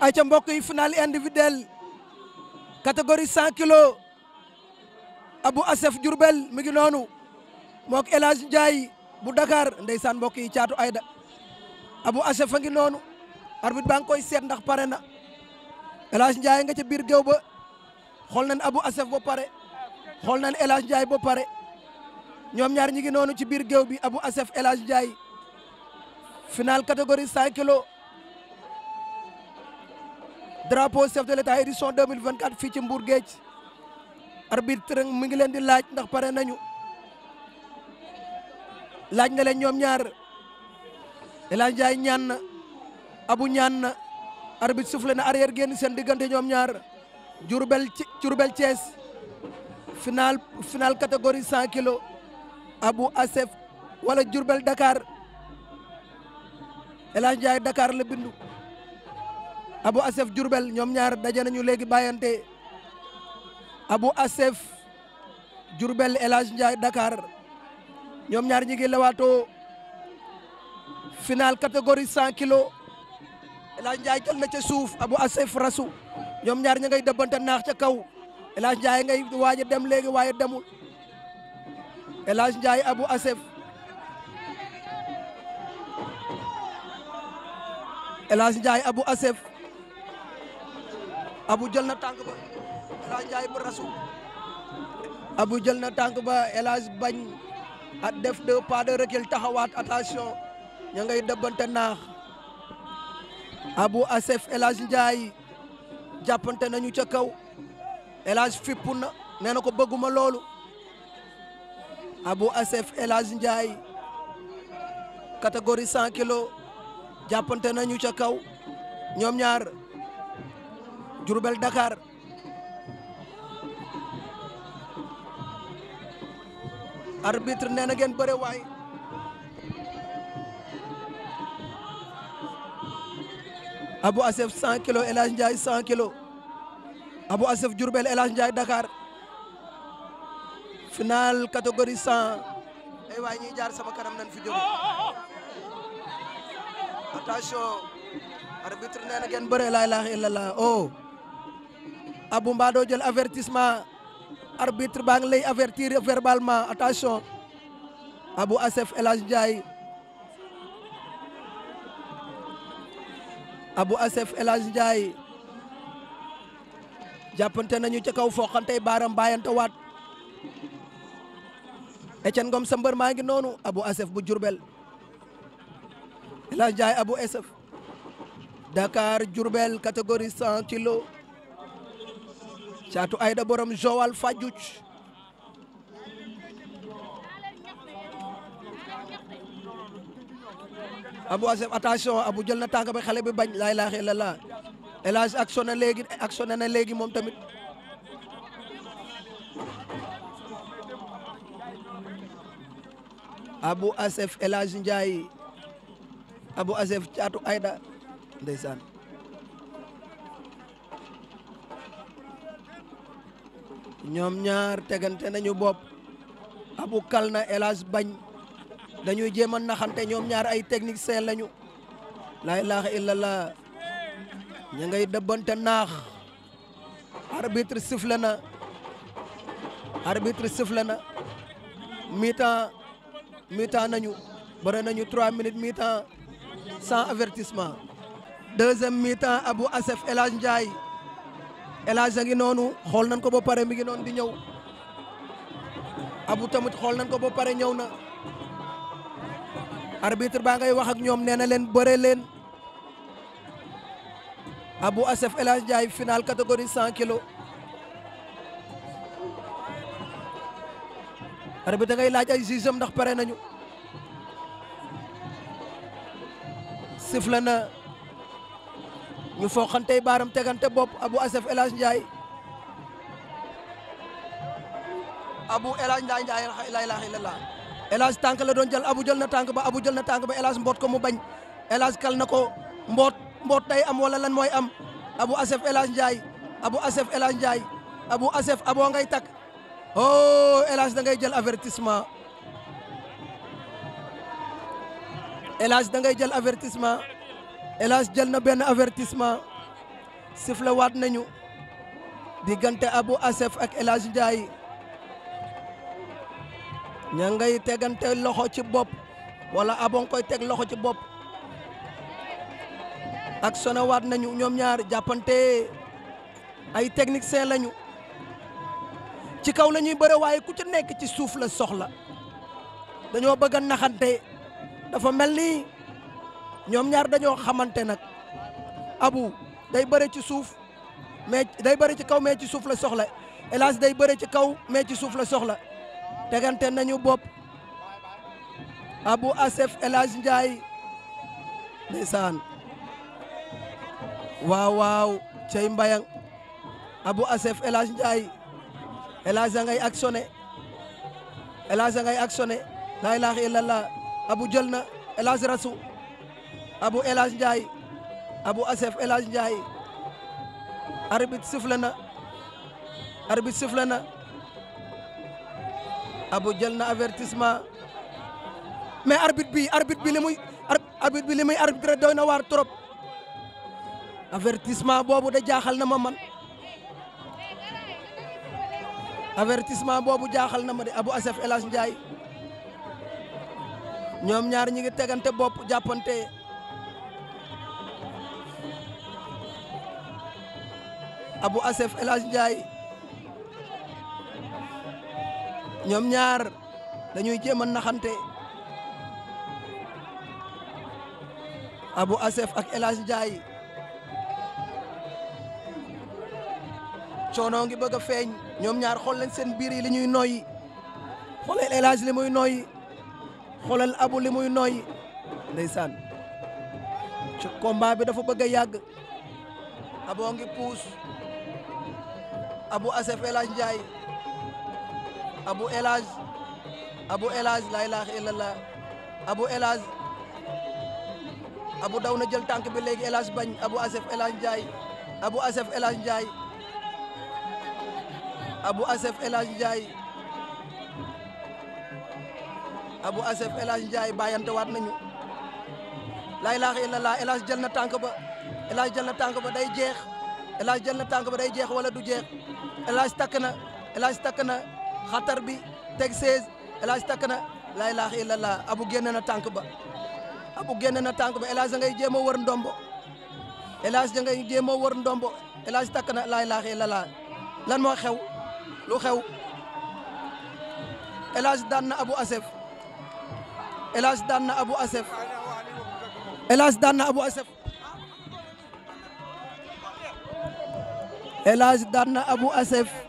ay ca mbokk yi final individuel catégorie 100 kilos Abou Assef Diourbel mi ngi noonu mook El Hadj bu Dakar ndeysaan mbokk yi caatu Ayda abu Assef a ngi noonu arbitre baa ngi koy seet ndax pare na El Hadj Ndiaye nga ca biir géew ba xool nañ abu Assef ba pare xool nañ El Hadj Ndiaye ba pare ñoom ñaar ñi ngi noonu ci biir géew bi abu Assef El Hadj finaal final catégorie 100 drapeau chef de l'état édition 2024 fii ci Mbour Géej arbitre mi ngi leen di laaj ndax pare nañu laaj na leen ñoom ñaar El Hadj Ndiaye ñaan na Abu ñaan na arbitre soufflé na arrière génn seen diggante ñoom ñaar Diourbel Diourbel Thiès final final catégorie 100 Abu Asef wala Diourbel Dakar El Hadj Ndiaye Dakar la bindu. Abu Asef Diourbel ñoom ñaar daje léegi bàyyante Abu Asef Diourbel El Hadj Ndiaye ñoom ñaar ñi lawaato lewaatoo final catégorie 100 kilos El Hadj Ndiaye na ca suuf Abu Asef rasu ñoom ñaar ña ngay dëbbante naax ca kaw El Hadj Ndiaye ngay waaj a dem léegi waaye demul El Hadj Abu Asef El Hadj Abu Asef abu jël na tànk ba El jël na tànk ba El bañ a def deux pas de recul taxawaat attention ña ngay dëbbante naax abu asef El Hadj Ndiaye jàppante nañu ca kaw El fippu na nee na ko bëgguma loolu abu asef El Hadj Ndiaye catégorie 100 kilos jàppante nañu ca kaw ñoom ñaar Diourbel Dakar arbitre nee na ngeen bëre waay Abou Assef 100 kilos El Hadj Ndiaye 100 kilos Abou Assef Diourbel El Hadj Ndiaye Dakar final catégorie ay waay ñiy jaar sama kanam nan fi jóge attention arbitre nee na ngeen bëre laa ilaaha illallah oh abu mbaa doo jël avertissement arbitre baa ngi lay avertir verbalement attention abu asef El Hadj Ndiaye abu asef El Hadj Ndiaye jàppante nañu ca kaw foqantey baaram bàyyante waat Etienne Ngom sa maa ngi noonu abu asef bu jurbel El Hadj Ndiaye abu asef Dakar jurbel catégorie 100 kilo caatu ayda borom Joal Fadiouth abu asef attention abu jël na tànk ba xale bi bañ laa ilaaha lala elage actionné léegi actionné na léegi moom tamit abu asef elage njaay abu asef caatu ayda ndeysaan ñoom ñaar tegante nañu bopp abu kalna na bañ dañuy jéem a naxante ñoom ñaar ay technique seen lañu laa ilaaha illallah ña ngay dëbbante naax arbitre sifflé na arbitre sifflé na mi-temps mi nañu bëre nañu trois minutes mi-temps sans avertissement deuxième mi-temps Abou Assef El Ndiaye El a ngi noonu xool nañ ko ba pare mi ngi noonu di ñëw abu tamit xool nañ ko ba pare ñëw na arbitre baa ngay wax ak ñoom nee na leen bëre leen a Assef El jaay Ndiaye final catégorie 100 kilos arbitre ngay laaj ay sixième ndax pare nañu sifle na. ñu foqantey baaram tegante bopp Abou Assef El Hadj Ndiaye Abou El Hadj Ndiaye Ndiaye la ilaha illallah la doon jël abu jël na tànk ba Abou jël na tànk ba El Hadj mboot ko mu bañ El kal na ko mboot mboot day am wala lan mooy am Abou Assef El Hadj abu Abou Assef El Hadj Ndiaye Abou Assef aboo ngay takk oh El Hadj da ngay jël avertissement El Hadj da ngay jël avertissement. Elage jël na benn avertissement sifflé waat nañu diggante abu Assef ak Elage Ndiaye ña ngay tegante loxo ci bopp wala abon koy teg loxo ci bopp ak sone waat nañu ñoom ñaar jàppante ay technicien lañu ci kaw la ñuy bëre waaye ku ci nekk ci suuf la soxla dañoo bëgg a dafa mel ni. ñoom ñaar dañoo xamante nag abu day bëre ci suuf mais day bëre ci kaw mais ci suuf la soxla hélas day bëre ci kaw mais ci suuf la soxla tegante nañu bopp abu asef hélas njaay ndeysaan waaw waaw cey mbayang abu asef hélas njaay hélas a ngay actionné hélas a ngay actionné la ilaha illallah abu jël na hélas rasu Abu El Hadj Ndiaye Abu Asef El Hadj Ndiaye arbitre sifflé na arbitre sifflé na Abu jël na avertissement mais arbitre bi arbitre bi li muy arbitre bi li muy arbitre doy na waar trop avertissement boobu da jaaxal na ma man avertissement boobu jaaxal na ma de Abu Asef El Hadj Ndiaye ñoom ñaar ñi ngi tegante bopp jàppante. abu Assef El Hadj ñoom ñaar dañuy jéem a naxante abu Assef ak elaaj jaay Ndiaye coono ngi bëgg a feeñ ñoom ñaar xool leen seen biir yi li ñuy noyyi xoolal El Hadj li muy noyyi xoolal Abou li muy noyyi ndeysaan ci combat bi dafa bëgg a yàgg Abou puus. abu Assef El Hadj Ndiaye Abou El Hadj Abou El Hadj laa ilaaha illallah Abou daw na jël tànk bi léegi El bañ abu Assef El Hadj abu Abou Assef El Hadj Ndiaye Abou Assef Hadj Ndiaye Abou Assef El Hadj Ndiaye bàyyante waat nañu laa ilaaha illallah El Hadj jël na tànk ba El jël na tànk ba day jeex El Hadj jël na tànk ba day jeex wala du jeex Elaj takk na Elaj takk na xatar bi teg 16 Elaj takk na laa ilaaha illallah abu génne na tànk ba abu génne na tànk ba Elaj da ngay jéem a wër ndombo Elaj da ngay jéem a wër ndombo Elaj takk na laa ilaaha illallah lan moo xew lu xew Elaj daan na abu asef Elaj daan na abu asef Elaj daan na abu asef El Hadj daan na Abu Asef